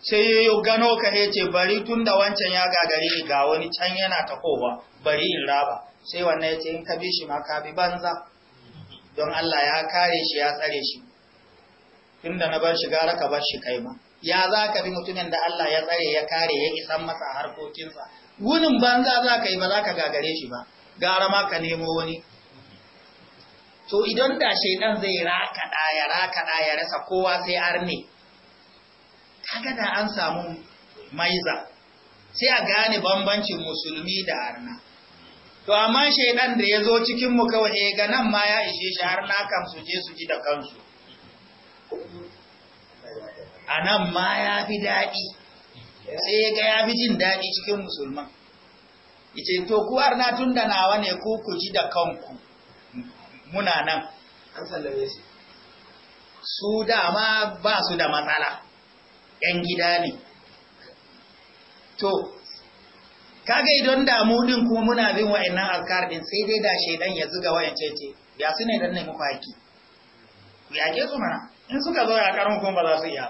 sai ya gano ka ya ce bari tun da wancan ya gagari ni ga wani can yana takowa bari in raba sai wannan ya ce in ka bi shi ma ka bi banza don Allah ya kare shi ya tsare shi tun da na bar shi gara ka bar shi kai ma ya za ka bi mutumin da Allah ya tsare ya kare ya isan masa harkokinsa gunin banza za ka yi ba za ka gagare shi ba gara ma ka nemo wani to idan da shaidan zai rakaɗa ya rakaɗa ya rasa kowa sai arne kaga da an samu maiza sai a gane bambancin musulmi da arna to amma shaidan da ya zo cikin mu kawai eh ga nan ma ya ishe shi har na kan su je su ji da kansu a nan ma ya fi daɗi sai ga ya fi jin daɗi cikin musulman yace to ku arna tun da nawa ne ku ku ji da kanku muna nan an sallame su su dama ba su da matsala ‘yan gida ne to kaga idan damu din kuma muna bin wa'annan azkar din sai dai da shedan ya zuga wayan cece ya su ne dan ne muku haƙi ku yaƙe su mana in suka zo ya mu kuma ba za su iya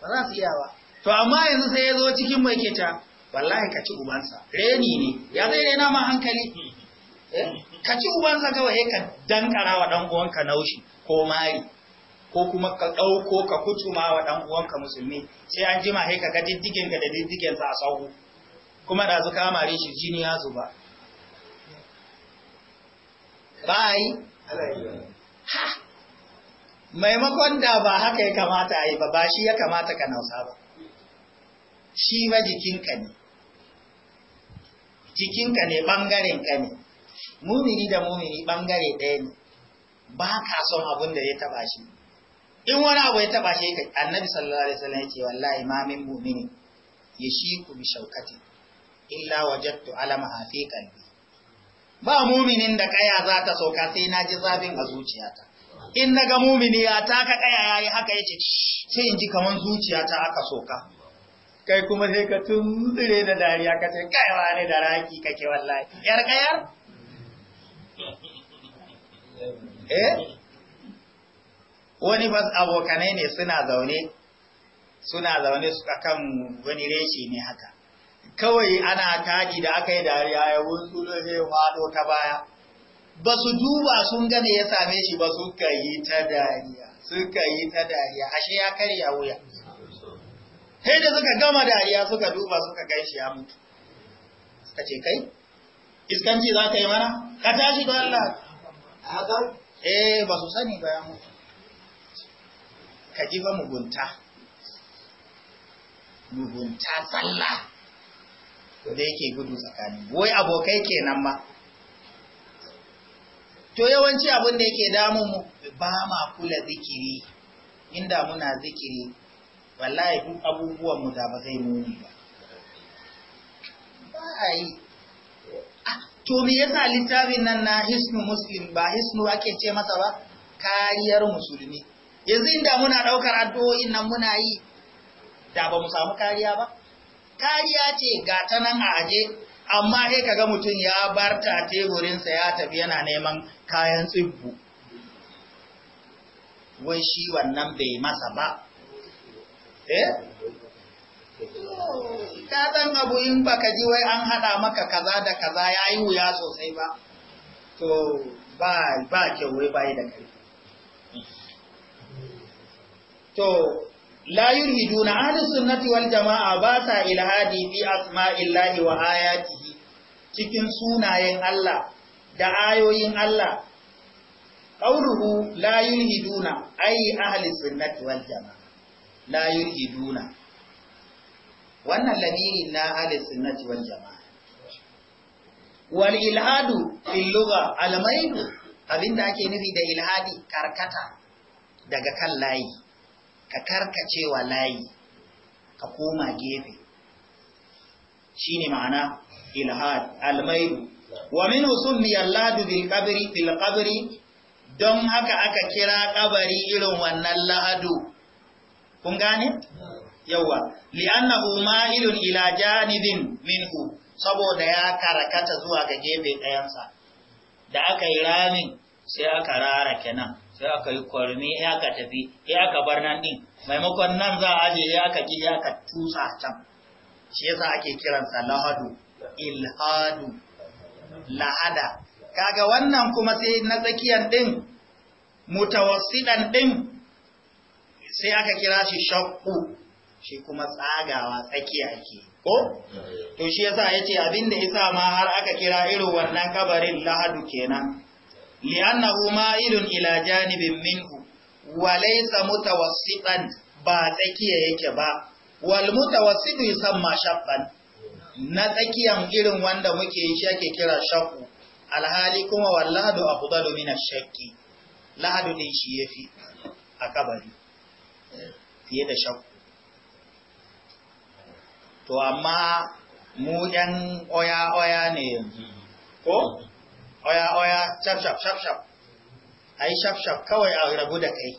ba za su iya ba to amma yanzu sai ya zo cikin mai ke ta wallahi ka ci ubansa reni ne ya zai rena ma hankali ka ci ubansa kawai ka dankara wa ɗanuwanka uwanka naushi ko mari ko kuma ka ɗauko ka kucuma wa ɗan musulmi sai an jima sai ka ga diddigen ka da diddigen sa a sauhu kuma da zuka mare shi jini ya zuba ba yi maimakon da ba haka ya kamata a yi ba ba shi ya kamata ka nausa ba shi ma jikinka ne jikinka ne ɓangarenka ne mumini da mumini bangare ɗaya ne ba ka son abin da ya taba shi in wani abu ya taba shi annabi sallallahu alaihi wasallam ya wallahi ma min mumini ku bi shaukati illa wajadtu alama fi qalbi ba muminin da kaya za ta sauka sai na ji zafin a zuciyata in na naga mumini ya taka kaya yayi haka yace sai in ji kaman zuciyata aka sauka. kai kuma sai ka tunzure da dariya ka ce kai wane da raki kake wallahi yar kayar eh wani bas abokanai ne suna zaune suna zaune suka kan wani reshi ne haka kawai ana kaɗi da aka yi dariya ya wutsulo lohe faɗo ta baya ba su duba sun gane ya same shi ba suka yi ta dariya suka yi ta dariya ashe ya karya wuya sai da suka gama dariya suka duba suka gan shi ya mutu suka ce kai iskanci za ka yi mana ka tashi don Allah eh ba su sani ba ya mutu ka ji ba mugunta mugunta tsalla da yake gudu tsakani wai abokai kenan ma to yawanci abin da yake damun mu ba ma kula zikiri inda muna zikiri wallahi duk abubuwan mu da ba zai muni ba ba a yi to me yasa littafin nan na hisnu muslim ba hisnu ake ce masa ba kariyar musulmi yanzu inda muna daukar addu'o'in nan muna yi da ba mu samu kariya ba kariya ce ga ta nan a aje amma sai kaga mutum ya barta teburinsa ya tafi yana neman kayan tsibbu wai shi wannan bai masa ba eh ka san abu in baka ji wai an haɗa maka kaza da kaza ya yi wuya sosai ba to ba ba wai bayi da kai. to la yulhiduna ahli sunnati wal jama'a ba sa ilhadi fi asma'illahi wa ayatihi cikin sunayen Allah da ayoyin Allah Ƙauruhu la yulhiduna ai ahli sunnati wal jama'a la yulhiduna wannan lamiri na ahli sunnati wal jama'a wal ilhadu fil lugha al mailu abinda ake nufi da ilhadi karkata daga kan layi ka karkacewa layi ka koma gefe shine ma'ana ilhad al mailu wa minhu summiya ladu bil qabri fil qabri don haka aka kira kabari irin wannan lahadu kun gane yawa li'annahu ma'ilun ila janibin minhu saboda ya karakata zuwa ga gefe ɗayansa da aka yi ramin sai aka rara kenan sai aka yi kwarmi ya aka tafi ya aka bar nan din maimakon nan za a je ya aka ji, ya aka tusa can shi yasa ake kiransa lahadu ilhadu lahada kaga wannan kuma sai na tsakiyar din mutawassidan din sai aka kira shi shakku shi kuma tsagawa tsakiya ke ko to shi yasa yace abin da isa ma har aka kira irin wannan kabarin lahadu kenan li'annahu ma'ilun ila janibin minhu wa laysa mutawassitan ba tsakiya yake ba wal mutawassitu yusamma shaqqan na tsakiyan irin wanda muke yi shi ake kira shaqqu alhali kuma walladu afdalu min ash shakki, lahadu din shi yafi a kabari fiye da shaqqu to amma mu ɗan oya-oya ne yanzu ko? oya-oya shaf-shaf-shaf a yi shaf-shaf kawai a rabu da kai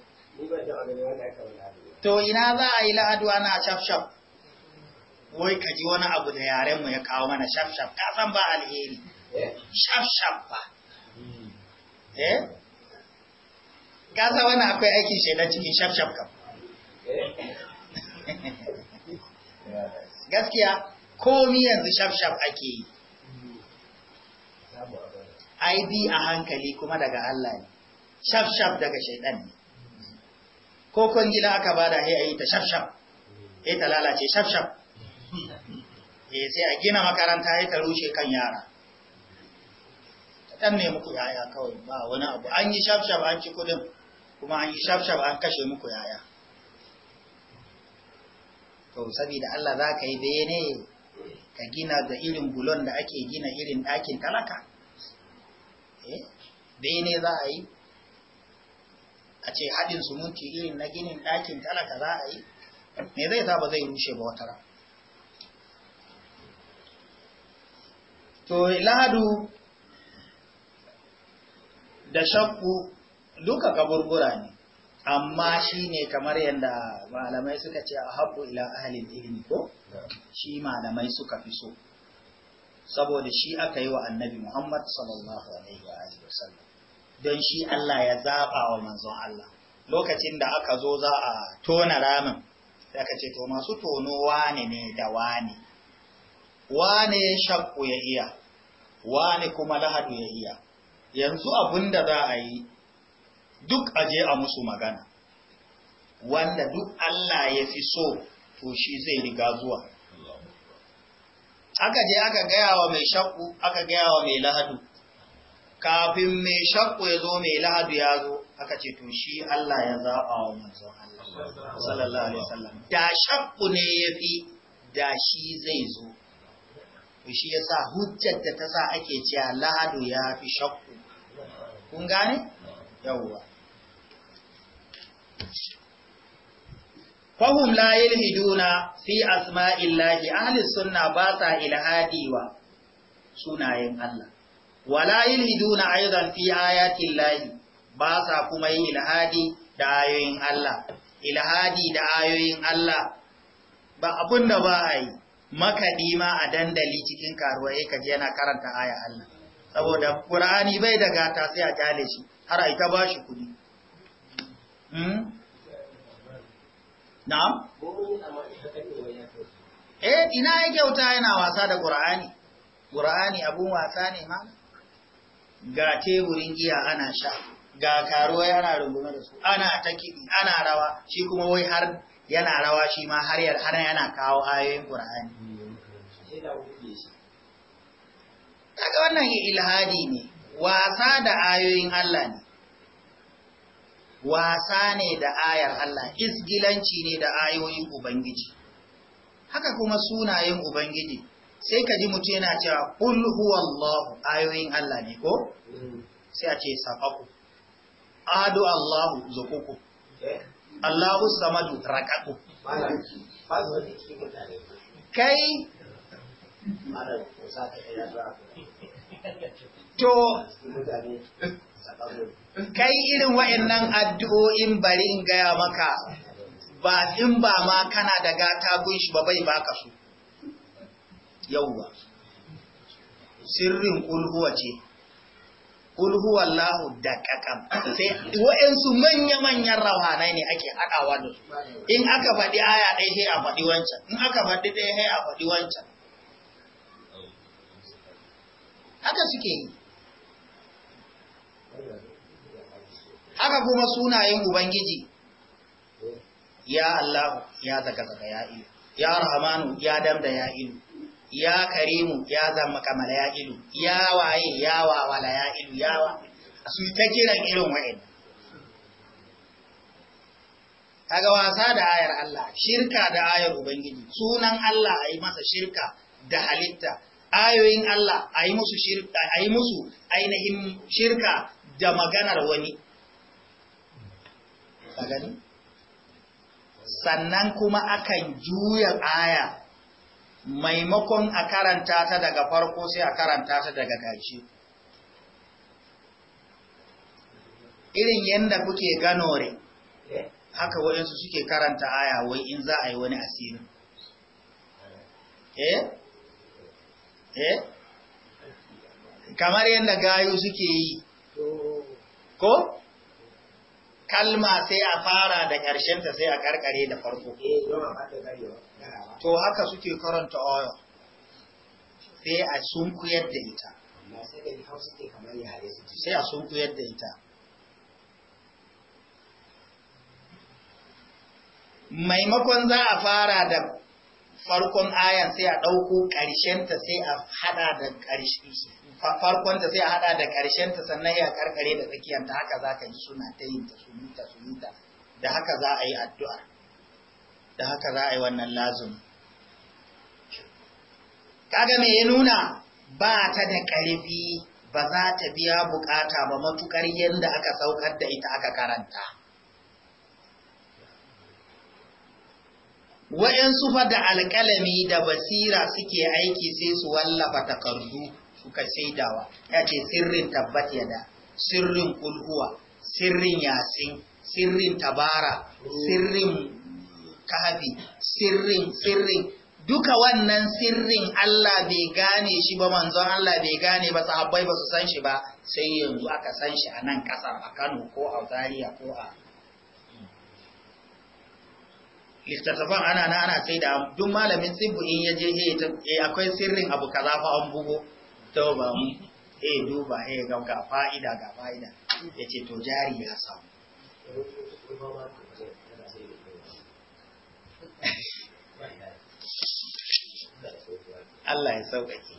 to ina za a yi la'adu ana shaf-shaf wai kaji wani abu da yarenmu ya kawo mana shaf-shaf ka san ba alheri shaf-shaf ba eh ka san wani akwai aikin shaidan cikin shaf-shaf kam eh? gaskiya komi yanzu shafshaf ake yi ai bi a hankali kuma daga Allah ne shafshaf daga shaiɗan ne ko kwangila aka bada sai ayi ta shafshaf sai ta lalace shafshaf eh sai a gina makaranta sai ta rushe kan yara dan ne muku yaya kawai ba wani abu an yi shafshaf an ci kudin kuma an yi shafshaf an kashe muku yaya to saboda Allah za ka yi bene ka gina da irin bulon da ake gina irin ɗakin talaka eh, bene za a yi a ce haɗin mutu irin na ginin ɗakin talaka za a yi me zai sa ba zai rushe ba wata ran to lahadu da shakku duka kaburbura ne amma shi ne kamar yadda malamai suka ce a haɓu ila ahalin ilimi ko shi malamai suka fi so saboda shi aka yi wa annabi muhammad sallallahu alaihi wa alihi don shi allah ya zaɓa wa manzon allah lokacin da aka zo za a tona ramin sai aka ce to masu tono wane ne da wane wane shakku ya iya wane kuma lahadu ya iya yanzu abin da za a yi duk aje a musu magana wanda duk Allah ya fi so to shi zai riga zuwa aka je aka gaya wa mai shakku aka gaya wa mai lahadu kafin mai shakku ya zo mai lahadu ya zo aka ce to shi Allah ya zaɓa wa manzon Allah sallallahu alaihi wasallam da shakku ne ya fi da shi zai zo to shi ya sa hujjar da ta sa ake cewa lahadu ya fi shakku kun gane yawwa fahum la yalhiduna fi asma'illahi ahli sunna ba sa ilhadi wa sunayen Allah wala yalhiduna aidan fi ayatillahi ba sa kuma yin ilhadi da ayoyin Allah ilhadi da ayoyin Allah ba abunda ba a yi makadi ma a dandali cikin karuwa ya kaji yana karanta aya Allah saboda Qur'ani bai da gata sai a kyale shi har a ita ba kuɗi Hmm? na'am eh ina yi kyauta yana wasa da qur'ani qur'ani abun wasa ne ma ga teburin giya ana sha ga karuwa yana rungume da su ana ta kiɗi ana rawa shi kuma wai har yana rawa shi ma har har yana kawo ayoyin qur'ani ga wannan ilhadi ne wasa da ayoyin Allah ne wasa ne da ayar Allah isgilanci ne da ayoyin ubangiji haka kuma sunayen ubangiji sai ka ji mutu yana cewa huwa Allah ayoyin Allah ne ko sai a ce safaku adu Allahu zukuku Allahu samadu raqaku kai to kai irin wa'annan addu'o'in bari in gaya maka ba in ba ma kana da gata gun shi ba bai baka su yauwa sirrin kulhuwa ce Lahu da kakan sai wa'ansu manya-manyan rawanai ne ake haɗawa da su in aka faɗi aya ɗaya sai a faɗi wancan in aka faɗi ɗaya sai a faɗi wancan haka suke yi haka kuma sunayen ubangiji ya Allah ya zaka-zaka ya ilu ya rahamanu ya damda ya ilu ya karimu ya zama kamar ya ilu ya waye ya wawala ya ilu ya wa su ta kiran irin wa'in kaga wasa da ayar Allah shirka da ayar ubangiji sunan Allah a yi masa shirka da halitta ayoyin Allah a yi musu ainihin shirka da maganar wani ka gani sannan kuma akan juya aya maimakon a karanta ta daga farko sai a karanta ta daga ƙarshe irin yadda kuke ganore haka waɗansu suke karanta aya wai in za a yi wani asiri eh eh kamar yadda gayu suke yi ko kalma sai a fara da ta sai a karkare da farko. Eh, to haka suke karanta oil sai a sunkuyar da ita. Sai a sunkuyar da ita. Maimakon za a fara da farkon ayan sai a ɗauko ta sai a haɗa da ƙarshen farkonta sai a hada da ta sannan ya karkare da tsakiyanta haka za ka ji suna ta yin ta sunita sunita da haka za a yi addu'ar da haka za a yi wannan lazumi kaga me ya nuna ba ta da ƙarfi ba za ta biya buƙata ba matuƙar yadda aka saukar da ita aka karanta wa'yansu fa da alƙalami da basira suke aiki sai su wallafa takardu kuka shaidawa ya ce sirrin tabbat yada sirrin kulhuwa sirrin yasin sirrin tabara sirrin kafi sirrin sirrin duka wannan sirrin Allah bai gane shi ba manzon Allah bai gane ba sahabbai ba su san shi ba sai yanzu aka san shi a nan kasar a Kano ko a Zaria ko a littattafan ana na ana sai da duk malamin tsibbu in ya je eh, eh, akwai sirrin abu kaza fa an bugo ba mu eh duba e ga ga fa'ida ga fa'ida yace to jari ya samu Allah ya sauƙaƙe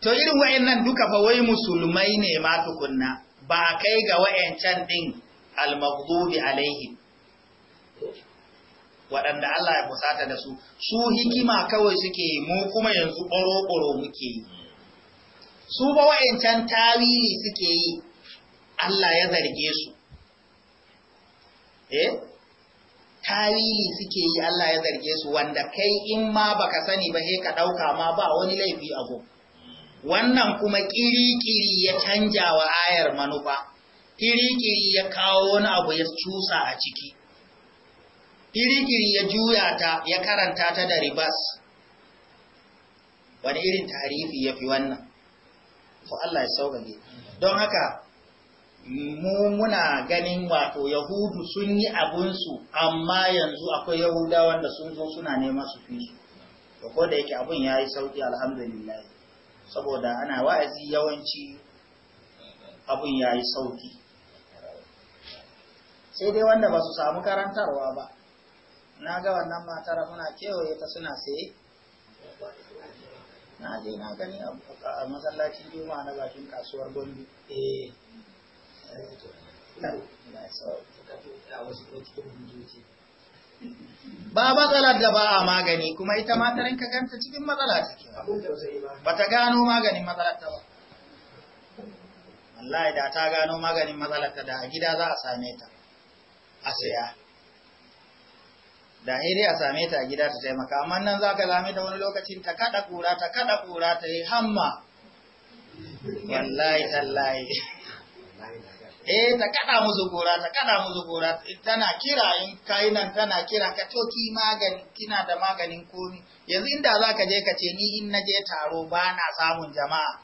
to irin wa'annan duka fa wai musulmai ne ma tukunna ba kai ga wa'ancan din al-maghdubi alaihim waɗanda Allah ya fusata da su su hikima kawai suke mu kuma yanzu ɓoro-ɓoro muke yi su ba wayancan tawili suke yi Allah ya zarge su eh tawili suke yi Allah ya zarge su wanda kai in ma baka sani ba sai ka dauka ma ba wani laifi a wannan kuma kirikiri ya canja wa ayar manufa Ƙirikiri ya kawo wani abu ya cusa a ciki kirikiri ya juya ta ya karanta ta da ribas wani irin tarihi ya fi wannan to Allah ya sauƙaƙe don haka mu muna ganin wato yahudu sun yi abunsu amma yanzu akwai yahuda da sun zo suna nema su fi su to ko da yake abun ya yi sauƙi alhamdulillah saboda ana wa'azi yawanci abun ya yi sauƙi sai dai wanda ba su samu karantarwa ba na ga wannan matar muna kewaye ta suna saye na je na gani a masallacin juma'a na bakin kasuwar gombe eh ba matsalar da ba a magani kuma ita matarin ka ganta cikin matsala take ba ta gano maganin matsalar ta ba wallahi da ta gano maganin matsalar ta da a gida za a same ta a saya da dai a same ta a gida ta taimaka amma nan za ka zame ta wani lokacin ta kada kura ta kada kura ta yi hamma wallahi tallahi eh ta kada musu kura ta kada musu kura tana kira in kai nan tana kira ka to ki magani kina da maganin komi yanzu inda za ka je ka ce ni in na je taro ba na samun jama'a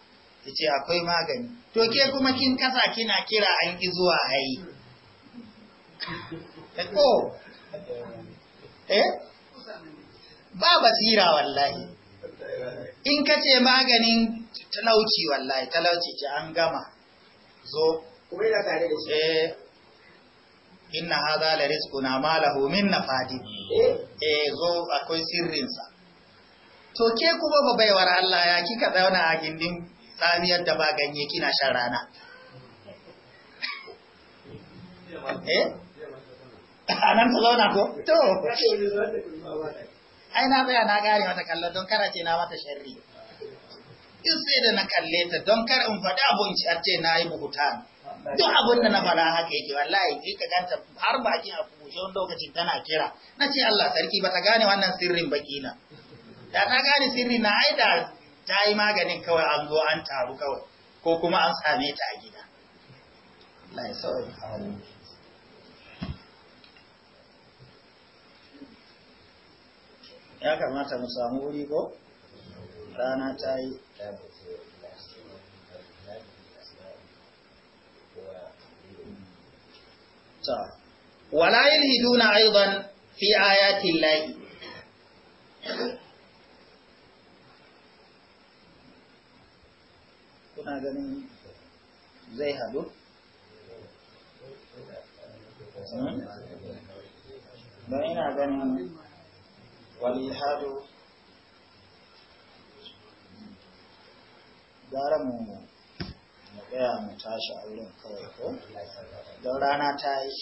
ta ce akwai magani to ke kuma kin kasa kina kira an ki zuwa ayi ko Eh? ba basira wallahi in ka ce maganin talauci wallahi talauci ce an gama zo eh inna hadha la rizquna ma lahu min nafadi eh? eh zo akwai sirrinsa to ke kuma ba baiwar Allah ya kika zauna a gindin tsamiyar da ba ganye kina shan rana eh a nan ta zauna ko to ai na tsaya na gane mata kalla don kara ce na mata sharri in sai da na kalle ta don kar in faɗi abun ci ce na yi buhuta duk abin da na faɗa haka yake wallahi kai ka ganta har ake a kushe lokacin tana kira na ce Allah sarki ba ta gane wannan sirrin baki na da ta gane sirri na ai da ta yi maganin kawai an zo an taru kawai ko kuma an same ta a gida Allah ya ya kamata mu samu wuri ko rana ta yi wala yulhiduna aidan fi ayatin lahi kuna ganin zai hadu don hmm? ina ganin والإلحاد gara mu mu tsaya mu tashi a wurin kawai ko don rana ta yi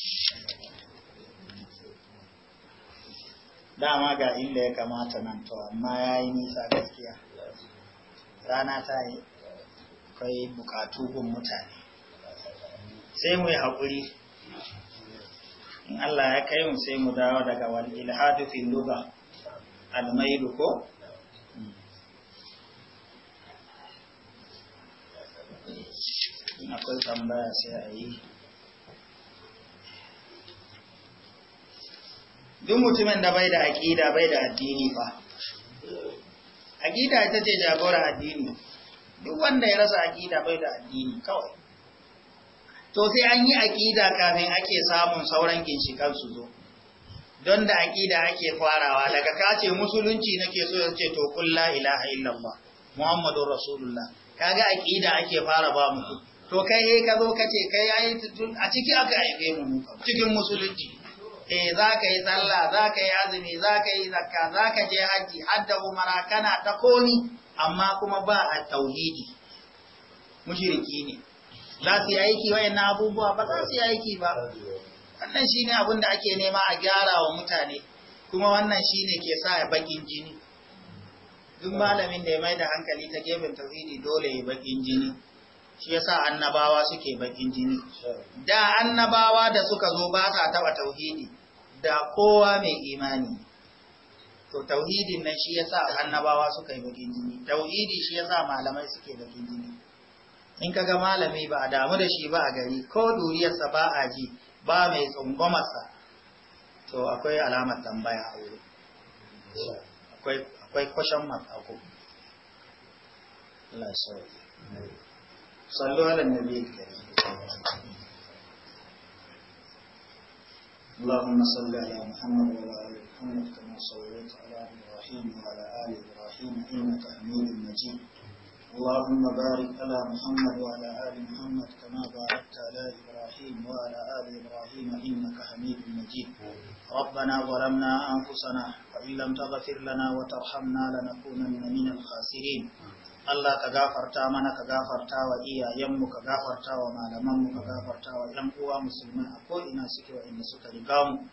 dama ga inda ya kamata nan to amma ya yi nisa gaskiya rana ta yi kai bukatu gun mutane sai mu yi haƙuri in Allah ya kai mu sai mu dawo daga wani ilhadu fi luga almailu ko akwai tambaya sai a yi duk mutumin da bai da aƙida bai da addini ba aƙida ita ce jagora addini duk wanda ya rasa aƙida bai da addini kawai to sai an yi aƙida kafin ake samun sauran ginshikan su zo don da aƙida ake farawa daga kace musulunci nake so ya ce to kulla ilaha illallah muhammadur rasulullah kaga aƙida ake fara ba mu to kai he ka zo ka kai ai a ciki aka haife mu cikin musulunci eh za ka yi sallah za ka yi azumi za ka yi zakka za ka je haji hadda umara kana ta koni amma kuma ba a tauhidi mushriki ne za su yi aiki wayannan abubuwa ba za su yi aiki ba wannan ne abin da ake nema a gyara wa mutane kuma wannan shi ne ke sa ya bakin jini duk malamin da ya mai da hankali ta gefen tauhidi dole ya bakin jini shi ya sa annabawa suke bakin jini da annabawa da suka zo ba sa taba tauhidi da kowa mai imani to tauhidin nan shi ya sa annabawa suka yi bakin jini tauhidi shi ya sa malamai suke bakin jini in kaga malami ba a damu da shi ba a gari ko duriyarsa ba a ji ba mai tsangwamarsa to akwai alamar tambaya a wuri akwai kwashen mafako Allah sauri sallu ala nabi اللهم صل على محمد وعلى ال محمد كما صليت على ابراهيم وعلى ال ابراهيم انك حميد مجيد اللهم بارك على محمد وعلى آل محمد كما باركت على إبراهيم وعلى آل إبراهيم إنك حميد مجيد ربنا ظلمنا أنفسنا وإن لم تغفر لنا وترحمنا لنكونن من الخاسرين Allah ka gafarta mana ka gafarta wa iyayenmu ka gafarta wa malamanmu ka gafarta wa ‘yan uwa musulmai a ko'ina suke inda suka riga mu.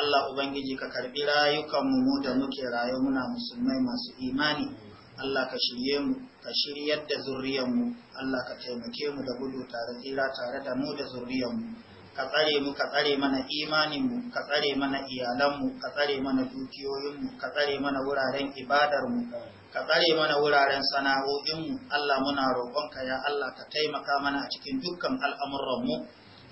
Allah Ubangiji ka karɓi rayukanmu mu da muke rayu muna musulmai masu imani. Allah ka shirye mu ka shiryar da zurriyanmu Allah ka taimake mu da gudu tare tsira tare da mu da zurriyanmu ka tsare mu ka tsare mana imaninmu ka tsare mana iyalanmu ka tsare mana dukiyoyinmu ka tsare mana wuraren ibadarmu ka tsare mana wuraren sana'o'inmu Allah muna roƙonka ya Allah ka taimaka mana a cikin dukkan al'amuranmu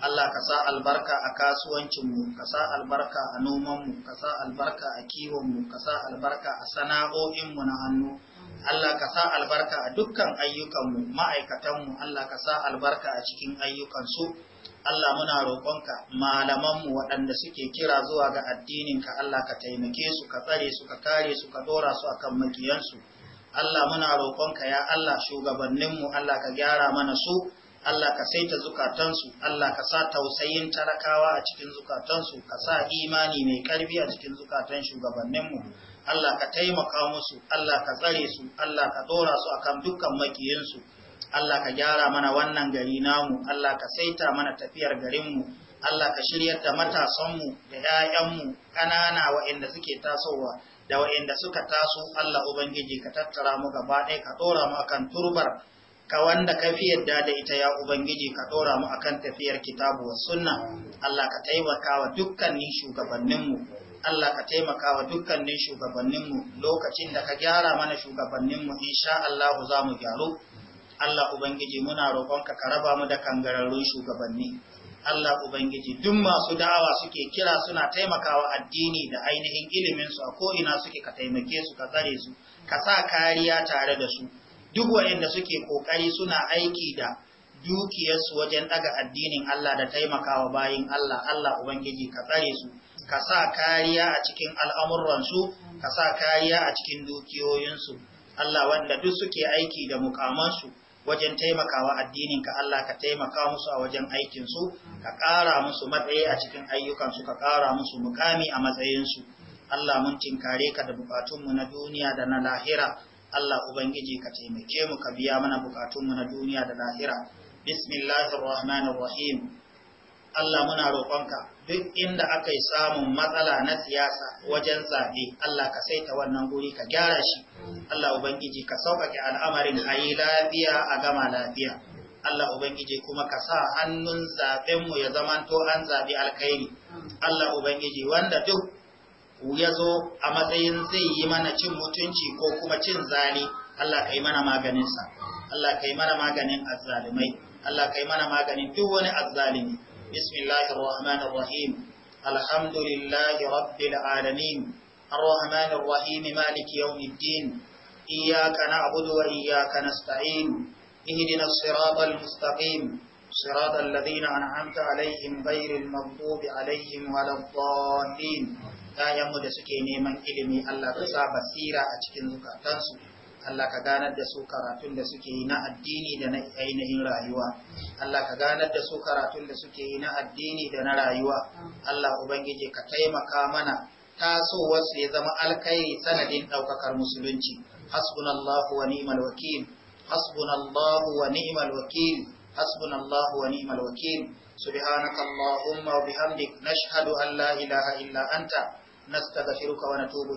Allah ka sa albarka a kasuwancinmu, ka sa albarka a nomanmu, ka sa albarka a kiwonmu, ka sa albarka a sana'o'inmu na hannu, Allah ka sa albarka a dukkan ayyukanmu ma'aikatanmu Allah ka sa albarka a cikin ayyukansu Allah muna roƙonka malamanmu waɗanda suke kira zuwa ga addininka Allah ka taimake su ka tsare su ka kare su ka dora su akan makiyansu Allah muna roƙonka ya Allah shugabanninmu Allah ka gyara mana su Allah ka saita zukatansu Allah ka sa tausayin talakawa a cikin zukatansu ka sa imani mai karbi a cikin zukatan shugabanninmu Allah ka taimaka musu Allah ka tsare su Allah ka dora su akan dukkan makiyansu Allah ka gyara mana wannan gari namu Allah ka saita mana tafiyar garinmu Allah ka shiryar da matasanmu da 'ya'yanmu ƙanana wa'inda suke tasowa da wa'inda suka taso Allah Ubangiji ka tattara mu gaba ɗaya ka dora mu akan turbar ka wanda ka fi yadda da ita ya Ubangiji ka dora mu akan tafiyar kitabu wa sunna Allah ka taimaka wa dukkanin shugabanninmu Allah ka taimaka wa dukkanin shugabanninmu lokacin da ka gyara mana shugabanninmu insha Allah za mu gyaru Allah Ubangiji muna roƙonka ka raba mu da kangararrun shugabanni Allah Ubangiji duk masu da'awa suke kira suna taimakawa addini da ainihin iliminsu a ko'ina suke ka taimake su ka tsare su ka sa kariya tare da su duk waɗanda suke ƙoƙari suna aiki da dukiyarsu wajen ɗaga addinin Allah da taimakawa bayin Allah Allah Ubangiji ka tsare su ka sa kariya a cikin al'amuransu ka sa kariya a cikin dukiyoyinsu Allah wanda duk suke aiki da mukamansu wajen taimakawa addininka Allah ka taimaka musu a wajen aikinsu ka ƙara musu matsayi a cikin ayyukansu ka ƙara musu mukami a matsayinsu Allah mun tinkare ka da bukatunmu na duniya da na lahira Allah Ubangiji ka taimake mu ka biya mana bukatunmu na duniya da lahira Bismillahirrahmanirrahim. Allah muna roƙonka duk inda aka yi samun matsala na siyasa wajen zaɓe Allah ka saita wannan guri ka gyara shi Allah ubangiji ka sauƙaƙe al'amarin a lafiya a gama lafiya Allah ubangiji kuma ka sa hannun zaɓenmu ya zamanto an zaɓi alkhairi Allah ubangiji wanda duk ya zo a matsayin zai yi mana cin mutunci ko kuma cin zali Allah ka yi mana maganinsa Allah ka yi mana maganin azzalumai Allah ka yi mana maganin duk wani azzalumi بسم الله الرحمن الرحيم الحمد لله رب العالمين الرحمن الرحيم مالك يوم الدين إياك نعبد وإياك نستعين اهدنا الصراط المستقيم صراط الذين أنعمت عليهم غير المغضوب عليهم ولا الضالين لا يمد سكيني من إلمي ألا تسا بصيرا أتكن زكاتنسو Allah ka ganar da su karatun da suke yi na addini da na ainihin rayuwa Allah ka ganar da su karatun da suke yi na addini da na rayuwa Allah ubangiji ka taimaka mana tasowar su ya zama alkhairi sanadin daukakar musulunci hasbunallahu wa ni'mal wakil hasbunallahu wa ni'mal wakil hasbunallahu wa ni'mal wakil subhanakallahumma wa bihamdik nashhadu an la ilaha illa anta nastaghfiruka wa natubu